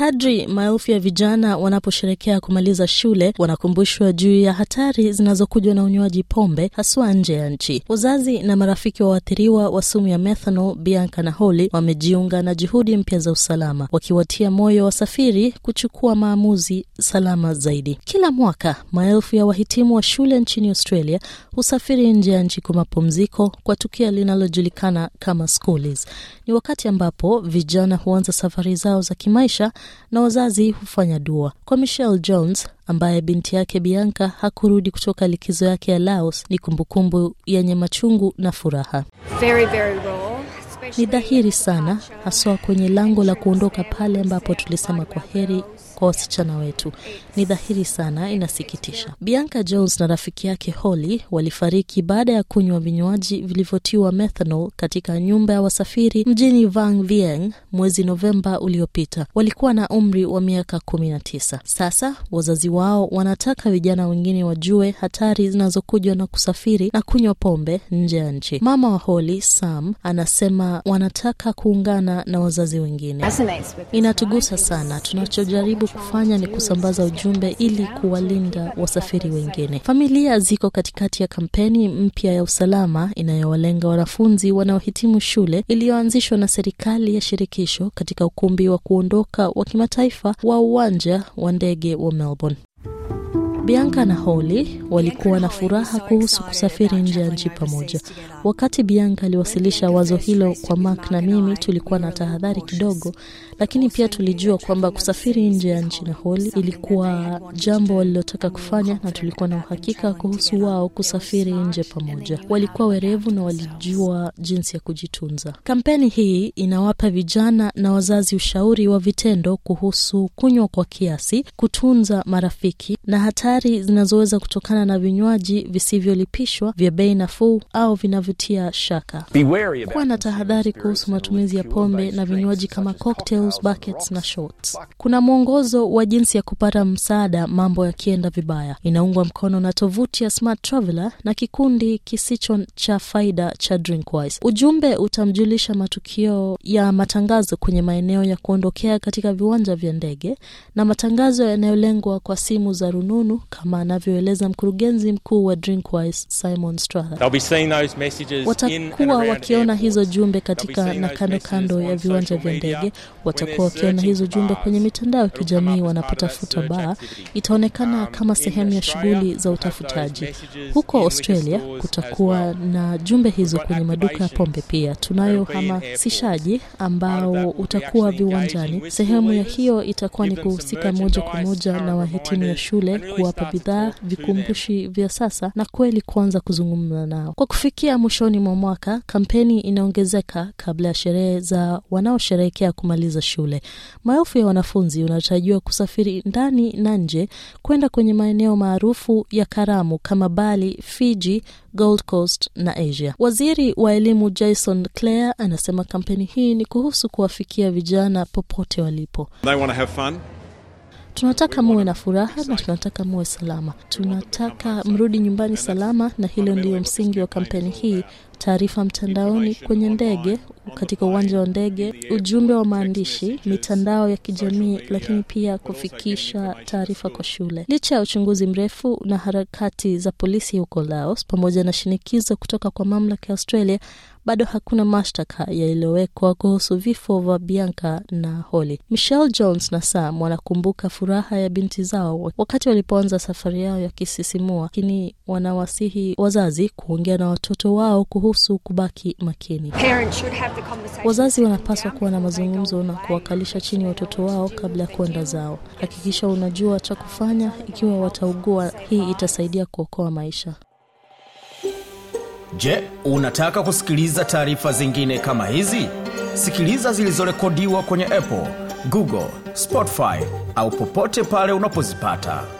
Kadri maelfu ya vijana wanaposherekea kumaliza shule, wanakumbushwa juu ya hatari zinazokujwa na unywaji pombe, haswa nje ya nchi. Wazazi na marafiki wa waathiriwa wa sumu ya methanol, Bianca na Holly, wamejiunga na juhudi mpya za usalama, wakiwatia moyo wasafiri kuchukua maamuzi salama zaidi. Kila mwaka maelfu ya wahitimu wa shule nchini Australia husafiri nje ya nchi kwa mapumziko kwa tukio linalojulikana kama schoolies. Ni wakati ambapo vijana huanza safari zao za kimaisha na wazazi hufanya dua kwa Michelle Jones ambaye binti yake Bianca hakurudi kutoka likizo yake ya Laos. Ni kumbukumbu yenye machungu na furaha very, very ni dhahiri sana, haswa kwenye lango la kuondoka pale ambapo tulisema kwa heri kwa wasichana wetu. Ni dhahiri sana, inasikitisha. Bianca Jones na rafiki yake Holly walifariki baada ya kunywa vinywaji vilivyotiwa methanol katika nyumba ya wasafiri mjini Vang Vieng mwezi Novemba uliopita. Walikuwa na umri wa miaka kumi na tisa. Sasa wazazi wao wanataka vijana wengine wajue hatari zinazokujwa na kusafiri na kunywa pombe nje ya nchi. Mama wa Holly Sam anasema wanataka kuungana na wazazi wengine. Inatugusa sana. Tunachojaribu kufanya ni kusambaza ujumbe ili kuwalinda wasafiri wengine. Familia ziko katikati ya kampeni mpya ya usalama inayowalenga wanafunzi wanaohitimu shule iliyoanzishwa na serikali ya shirikisho katika ukumbi wa kuondoka wa kimataifa wa uwanja wa ndege wa Melbourne. Bianca na Holly walikuwa na furaha kuhusu kusafiri nje ya nchi pamoja. Wakati Bianca aliwasilisha wazo hilo kwa Mark na mimi, tulikuwa na tahadhari kidogo, lakini pia tulijua kwamba kusafiri nje ya nchi na Holly ilikuwa jambo walilotaka kufanya, na tulikuwa na uhakika kuhusu wao kusafiri nje pamoja. Walikuwa werevu na walijua jinsi ya kujitunza. Kampeni hii inawapa vijana na wazazi ushauri wa vitendo kuhusu kunywa kwa kiasi, kutunza marafiki na hatari hatari zinazoweza kutokana na vinywaji visivyolipishwa vya bei nafuu au vinavyotia shaka. Kuwa na tahadhari kuhusu matumizi ya pombe na vinywaji kama cocktails, buckets na shots. Kuna mwongozo wa jinsi ya kupata msaada mambo yakienda vibaya. Inaungwa mkono na tovuti ya Smart Traveler na kikundi kisicho cha faida cha Drinkwise. Ujumbe utamjulisha matukio ya matangazo kwenye maeneo ya kuondokea katika viwanja vya ndege na matangazo yanayolengwa kwa simu za rununu kama anavyoeleza mkurugenzi mkuu wa Drinkwise Simon Strahan. Watakuwa wakiona hizo jumbe katika na kando kando ya viwanja vya ndege, watakuwa wakiona hizo jumbe kwenye mitandao ya kijamii wanapotafuta baa. Itaonekana um, kama sehemu ya shughuli za utafutaji. Huko Australia kutakuwa na jumbe hizo kwenye maduka ya pombe pia. Tunayo hamasishaji ambao utakuwa viwanjani. Sehemu ya hiyo itakuwa ni kuhusika moja kwa moja na wahitimu ya shule kuwa kuwapa bidhaa vikumbushi vya sasa na kweli kuanza kuzungumza nao. Kwa kufikia mwishoni mwa mwaka, kampeni inaongezeka kabla ya sherehe za wanaosherehekea kumaliza shule. Maelfu ya wanafunzi wanatarajiwa kusafiri ndani na nje kwenda kwenye maeneo maarufu ya karamu kama Bali, Fiji, Gold Coast na Asia. Waziri wa elimu Jason Clare anasema kampeni hii ni kuhusu kuwafikia vijana popote walipo. They want to have fun. Tunataka muwe na furaha na tunataka muwe salama. Tunataka mrudi nyumbani salama, na hilo ndiyo msingi wa kampeni hii taarifa mtandaoni kwenye ndege, katika uwanja wa ndege, ujumbe wa maandishi, mitandao ya kijamii, lakini pia kufikisha taarifa kwa shule. Licha ya uchunguzi mrefu na harakati za polisi huko Laos pamoja na shinikizo kutoka kwa mamlaka ya Australia, bado hakuna mashtaka yaliyowekwa kuhusu vifo vya Bianca na Holly. Michelle Jones na Sam wanakumbuka furaha ya binti zao wakati walipoanza safari yao ya kisisimua, lakini wanawasihi wazazi kuongea na watoto wao kuhusu kuhusu kubaki makini. Wazazi wanapaswa kuwa na mazungumzo na kuwakalisha chini watoto wao kabla ya kwenda zao. Hakikisha unajua cha kufanya ikiwa wataugua. Hii itasaidia kuokoa maisha. Je, unataka kusikiliza taarifa zingine kama hizi? Sikiliza zilizorekodiwa kwenye Apple, Google, Spotify au popote pale unapozipata.